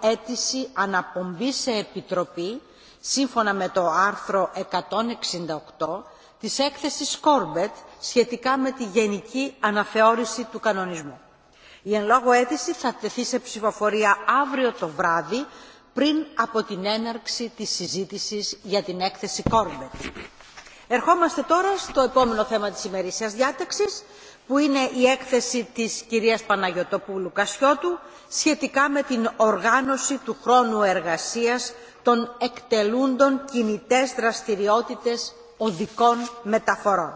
αίτηση αναπομπής σε επιτροπή σύμφωνα με το άρθρο 168 της έκθεσης Κόρμπετ σχετικά με τη γενική αναθεώρηση του κανονισμού. Η εν λόγω αίτηση θα τεθεί σε ψηφοφορία αύριο το βράδυ πριν από την έναρξη της συζήτησης για την έκθεση Κόρμπετ. Ερχόμαστε τώρα στο επόμενο θέμα της ημερήσιας διάταξης, που είναι η έκθεση της κυρίας Παναγιωτοπούλου Κασιώτου σχετικά με την οργάνωση του χρόνου εργασίας των εκτελούντων κινητές δραστηριότητες οδικών μεταφορών.